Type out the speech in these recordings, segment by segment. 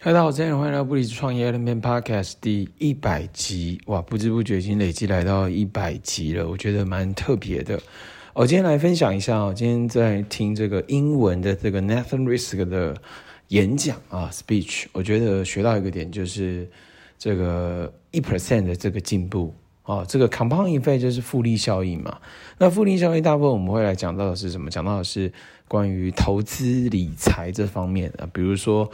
大家好，今天歡迎來到布里斯創業 NL Podcast 第一百集哇！不知不覺已經累積來到一百集了，我覺得蠻特別的。我、哦、今天來分享一下我今天在聽這個英文的這個 Nathan Risk 的演講啊，speech。我覺得學到一個點就是這個一 percent 的這個進步哦、啊，這個 compound effect 就是複利效應嘛。那複利效應大部分我們會來講到的是什麼？講到的是關於投資理財這方面啊，比如說。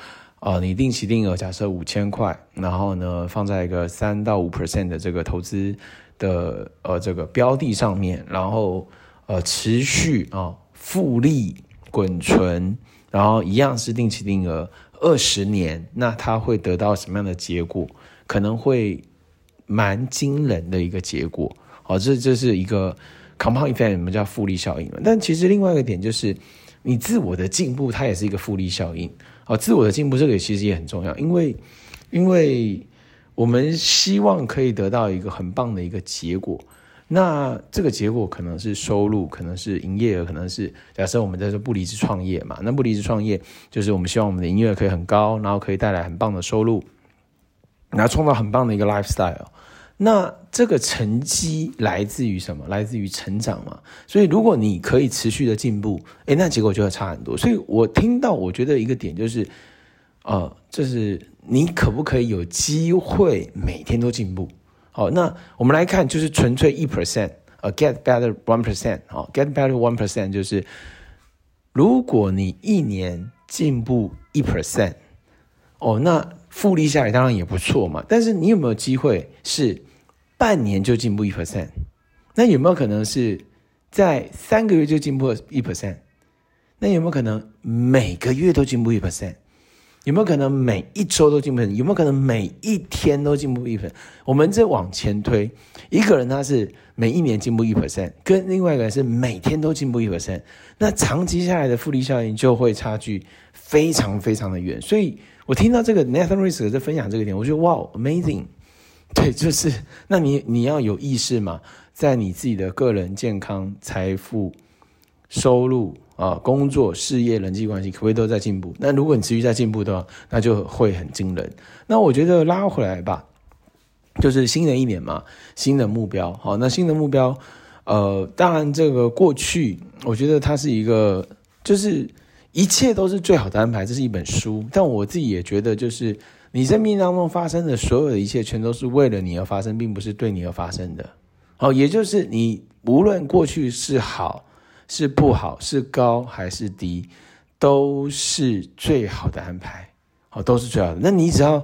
呃、哦、你定期定額，假設五千塊，然後呢放在一個三到五 percent 的這個投資的呃這個標的上面，然後呃持續啊、哦、複利滾存，然後一樣是定期定額二十年，那它會得到什麼樣的結果？可能會蠻驚人的一個結果。好、哦，這這是一個 compound effect，我們叫複利效應。但其實另外一個點就是。你自我的進步，它也是一個複利效應。好、哦，自我的進步，這個其實也很重要，因為，因為我們希望可以得到一個很棒的一個結果。那這個結果可能是收入，可能是營業額，可能是假設我們在說不離職創業嘛？那不離職創業就是我們希望我們的營業額可以很高，然後可以帶來很棒的收入，然後創造很棒的一個 lifestyle。那這個成績來自於什麼？來自於成長嘛。所以如果你可以持續的進步，欸，那結果就會差很多。所以我聽到，我覺得一個點就是，呃，就是你可不可以有機會每天都進步？好，那我們來看就是，啊，就是純粹一 percent，呃，get better one percent，好，get better one percent 就是，如果你一年進步一 percent，哦，那複利下來當然也不錯嘛。但是你有沒有機會是？半年就進步一 percent，那有沒有可能是，在三個月就進步一 percent？那有沒有可能每個月都進步一 percent？有沒有可能每一周都進步一 percent？有沒有可能每一天都進步一 percent？我們再往前推，一個人他是每一年進步一 percent，跟另外一個人是每天都進步一 percent，那長期下來的複利效應就會差距非常非常的遠。所以我聽到這個 Nathan Risk 在分享這個點，我覺得哇，wow，amazing。對，就是那你你要有意識嘛，在你自己的個人健康、財富、收入啊、呃、工作、事業、人際關係，可不可以都在進步？那如果你持續在進步的話，那就會很驚人。那我覺得拉回來吧，就是新的一年嘛，新的目標。好、哦，那新的目標，呃，當然這個過去，我覺得它是一個，就是一切都是最好的安排，這是一本書。但我自己也覺得，就是。你生命當中發生的所有的一切，全都是為了你而發生，並不是對你而發生的。哦，也就是你無論過去是好是不好，是高還是低，都是最好的安排。哦，都是最好的。那你只要，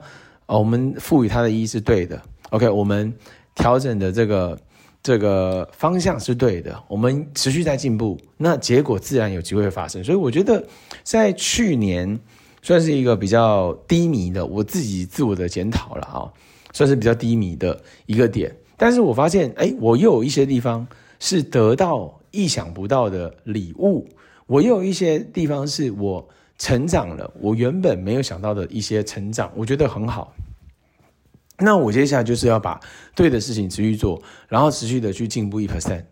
哦，我們賦予它的意義是對的。OK，我們調整的這個這個方向是對的，我們持續在進步，那結果自然有機會發生。所以我覺得，在去年。算是一個比較低迷的，我自己自我的檢討了啊、哦，算是比較低迷的一個點。但是我發現，哎，我又有一些地方是得到意想不到的禮物，我又有一些地方是我成長了，我原本沒有想到的一些成長，我覺得很好。那我接下來就是要把對的事情持續做，然後持續的去進步1 percent，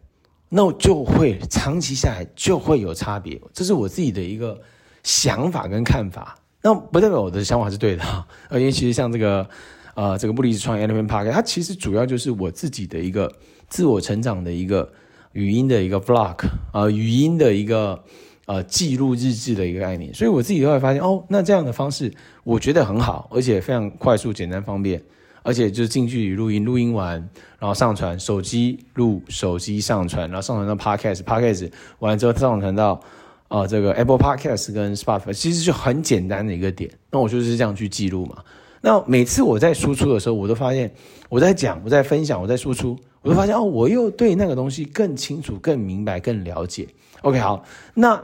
那我就會長期下來就會有差別。這是我自己的一個想法跟看法。那、no, 不代表我的想法是對的啊，因為其實像這個，呃，這個不離職創業 l p podcast，它其實主要就是我自己的一個自我成長的一個語音的一個 vlog 呃，語音的一個呃記錄日志的一個概念，所以我自己都會發現哦，那這樣的方式我覺得很好，而且非常快速、簡單、方便，而且就是近距離錄音，錄音完然後上傳，手機錄，手機上傳，然後上傳到 podcast，podcast Pod 完了之後上傳到。啊、哦，這個 Apple Podcast 跟 Spotify 其實就很簡單的一個點，那我就是這樣去記錄嘛。那每次我在輸出的時候，我都發現我在講、我在分享、我在輸出，我都發現哦，我又對那個東西更清楚、更明白、更了解。OK，好，那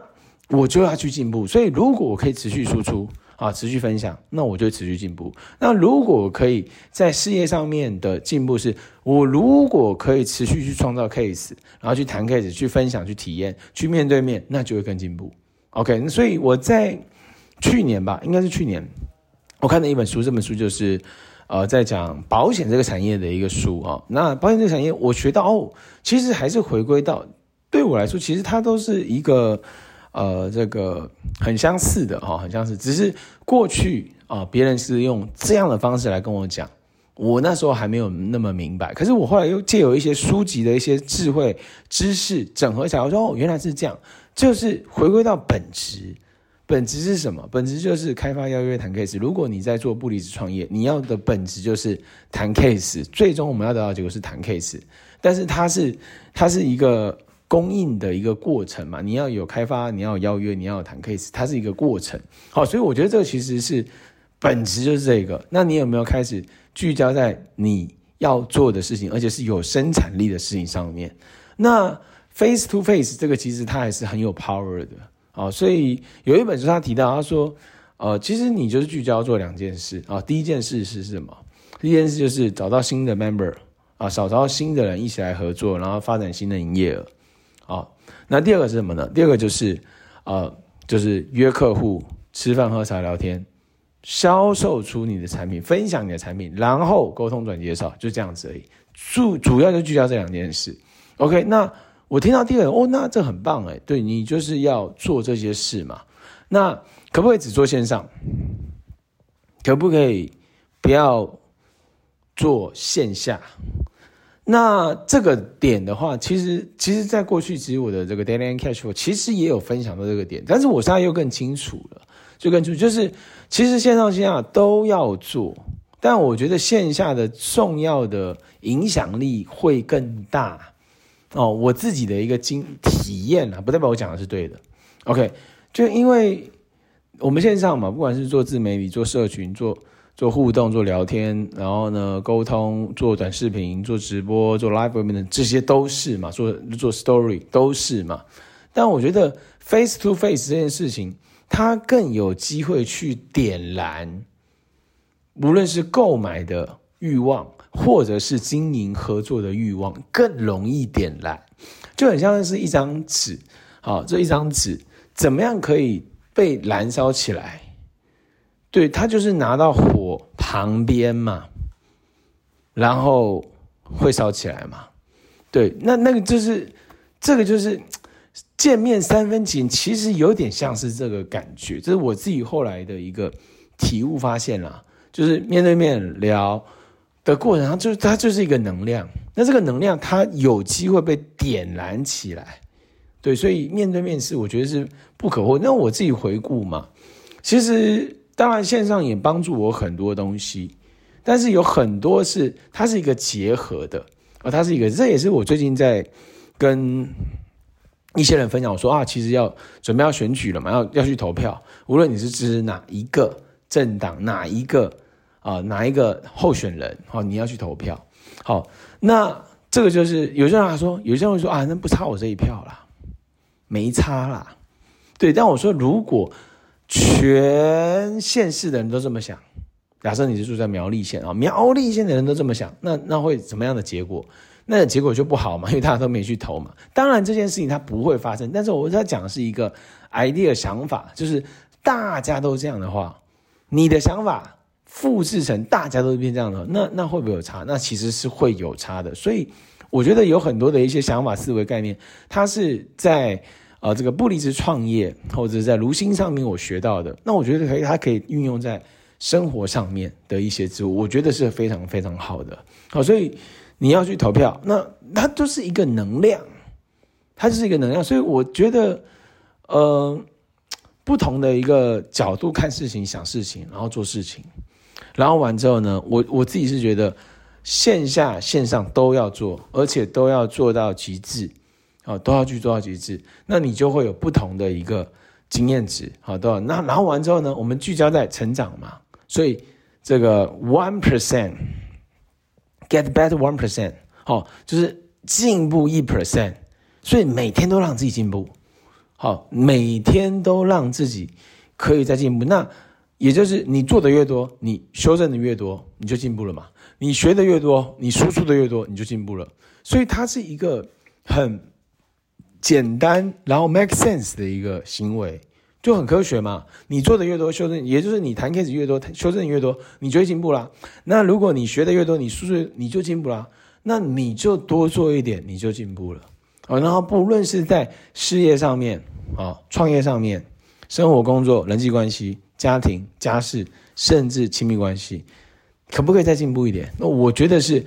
我就要去進步。所以如果我可以持續輸出。啊，持續分享，那我就持續進步。那如果可以在事業上面的進步是，是我如果可以持續去創造 case，然後去談 case，去分享，去體驗，去面對面，那就會更進步。OK，所以我在去年吧，應該是去年，我看了一本書，這本書就是呃，在講保險這個產業的一個書啊、哦。那保險這個產業我，我學到哦，其實還是回歸到對我來說，其實它都是一個。呃，這個很相似的、哦、很相似，只是過去啊，哦、別人是用這樣的方式來跟我講，我那時候還沒有那麼明白，可是我後來又借由一些書籍的一些智慧知識整合起來，我說哦，原來是這樣，就是回歸到本質，本質是什麼？本質就是開發邀約談 case。如果你在做不離職創業，你要的本質就是談 case，最終我們要得到的結果是談 case，但是它是它是一個。供應的一個過程嘛，你要有開發，你要邀約，你要有談 case，它是一個過程。好，所以我覺得這個其實是本質就是這個。那你有沒有開始聚焦在你要做的事情，而且是有生產力的事情上面？那 face to face 這個其實它還是很有 power 的啊。所以有一本書他提到，他說，呃，其實你就是聚焦要做兩件事啊。第一件事是什麼？第一件事就是找到新的 member 啊，找到新的人一起來合作，然後發展新的營業額。啊，那第二個是什麼呢？第二個就是，呃，就是約客戶吃飯喝茶聊天，銷售出你的產品，分享你的產品，然後溝通轉介紹，就這樣子而已。主主要就聚焦這兩件事。OK，那我聽到第二個人，哦，那這很棒誒，對你就是要做這些事嘛。那可不可以只做線上？可不可以不要做線下？那這個點的話，其實其實，在過去，其實我的這個 Daily Cashflow 其實也有分享到這個點，但是我現在又更清楚了，就更清楚，就是其實線上線下都要做，但我覺得線下的重要的影響力會更大哦。我自己的一個經體驗啊，不代表我講的是對的。OK，就因為我們線上嘛，不管是做自媒體、做社群、做。做互動、做聊天，然後呢溝通、做短視頻、做直播、做 live 裡面的這些都是嘛，做做 story 都是嘛。但我覺得 face to face 這件事情，它更有機會去點燃，無論是購買的慾望，或者是經營合作的慾望，更容易點燃。就很像是一張紙，好，這一張紙怎麼樣可以被燃燒起來？對，它就是拿到火。旁邊嘛，然後會燒起來嘛？對，那那個就是，這個就是見面三分情，其實有點像是這個感覺。這是我自己後來的一個體悟發現啦、啊，就是面對面聊的過程，它就是它就是一個能量。那這個能量，它有機會被點燃起來。對，所以面對面是我覺得是不可或缺。那我自己回顧嘛，其實。當然，線上也幫助我很多東西，但是有很多是它是一個結合的，它是一個，這也是我最近在跟一些人分享。我說啊，其實要準備要選舉了嘛，要要去投票，無論你是支持哪一個政黨、哪一個啊、呃、哪一個候選人，哦，你要去投票。好，哦，那這個就是有些人還說，有些人會說啊，那不差我這一票啦，沒差啦，對。但我說如果。全縣市的人都這麼想，假設你是住在苗栗縣啊，苗栗縣的人都這麼想，那那會怎麼樣的結果？那個結果就不好嘛，因為大家都沒去投嘛。當然這件事情它不會發生，但是我在講的是一個 idea 想法，就是大家都這樣的話，你的想法複製成大家都變這樣的話，那那會不會有差？那其實是會有差的。所以我覺得有很多的一些想法、思維、概念，它是在。啊，這個不離職創業，或者是在如新上面我學到的，那我覺得可以，它可以運用在生活上面的一些事物，我覺得是非常非常好的。好，所以你要去投票，那它就是一個能量，它就是一個能量。所以我覺得，呃，不同的一個角度看事情、想事情，然後做事情，然後完之後呢，我我自己是覺得線下、線上都要做，而且都要做到極致。好，都要去做到極致，那你就會有不同的一個經驗值。好，對。那然後完之後呢，我們聚焦在成長嘛，所以這個 one percent get better one percent 好，就是進步一 percent。所以每天都讓自己進步，好，每天都讓自己可以再進步。那也就是你做的越多，你修正的越多，你就進步了嘛。你學的越多，你輸出的越多，你就進步了。所以它是一個很。簡單，然後 make sense 的一個行為，就很科學嘛。你做的越多修正，也就是你談 case 越多，修正越多，你就會進步了。那如果你學的越多，你數學你就進步了，那你就多做一點，你就進步了。哦，然後不論是在事業上面，哦，創業上面，生活工作人際關係、家庭家事，甚至親密關係，可不可以再進步一點？那我覺得是。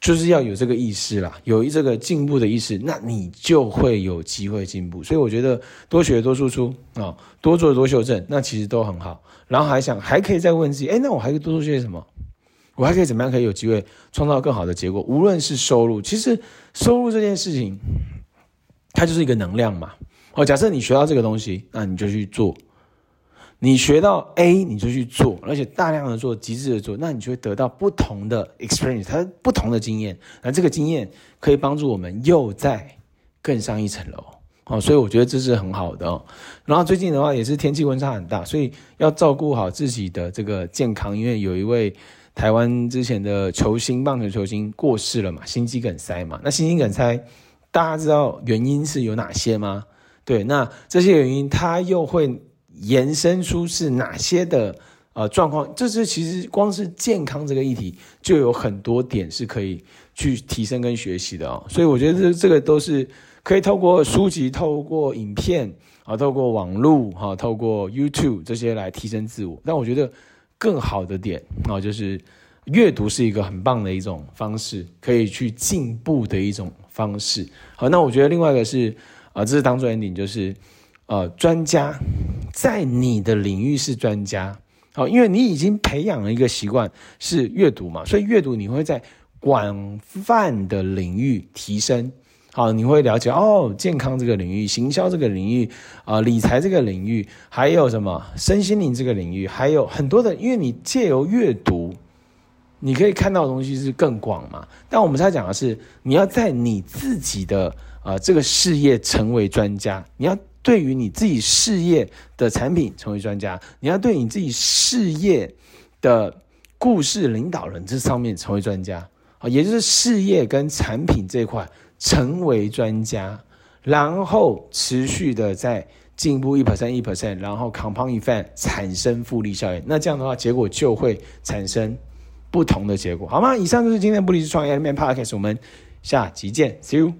就是要有這個意識啦，有這個進步的意識，那你就會有機會進步。所以我覺得多學多輸出啊、哦，多做多修正，那其實都很好。然後還想還可以再問自己，哎，那我還可以多做些什麼？我還可以怎麼樣可以有機會創造更好的結果？無論是收入，其實收入這件事情，它就是一個能量嘛。哦，假設你學到這個東西，那你就去做。你學到 A，你就去做，而且大量的做，極致的做，那你就會得到不同的 experience，它不同的經驗。那這個經驗可以幫助我們又再更上一層樓哦，所以我覺得這是很好的、哦。然後最近的話也是天氣溫差很大，所以要照顧好自己的這個健康，因為有一位台灣之前的球星，棒球球星過世了嘛，心肌梗塞嘛。那心肌梗塞大家知道原因是有哪些嗎？對，那這些原因他又會。延伸出是哪些的呃狀況？這是其實光是健康這個議題就有很多點是可以去提升跟學習的哦。所以我覺得這這個都是可以透過書籍、透過影片、呃、透過網絡、哦、透過 YouTube 這些來提升自我。但我覺得更好的點哦，就是閱讀是一個很棒的一種方式，可以去進步的一種方式。好，那我覺得另外一個是，呃，這是當做 ending，就是，呃，專家。在你的領域是專家，好、哦，因為你已經培養了一個習慣是閱讀嘛，所以閱讀你會在廣泛的領域提升，好、哦，你會了解哦，健康這個領域、行銷這個領域、呃、理財這個領域，還有什麼身心靈這個領域，還有很多的，因為你借由閱讀，你可以看到的東西是更廣嘛。但我們在講的是，你要在你自己的呃這個事業成為專家，你要。對於你自己事業的產品成為專家，你要對你自己事業的故事領導人這上面成為專家啊，也就是事業跟產品這一塊成為專家，然後持續的在進步一 percent 一 percent，然後 compounding 產生複利效應。那這樣的話，結果就會產生不同的結果，好嗎？以上就是今天的不離職創業、Allen podcast，我們下集見，See you。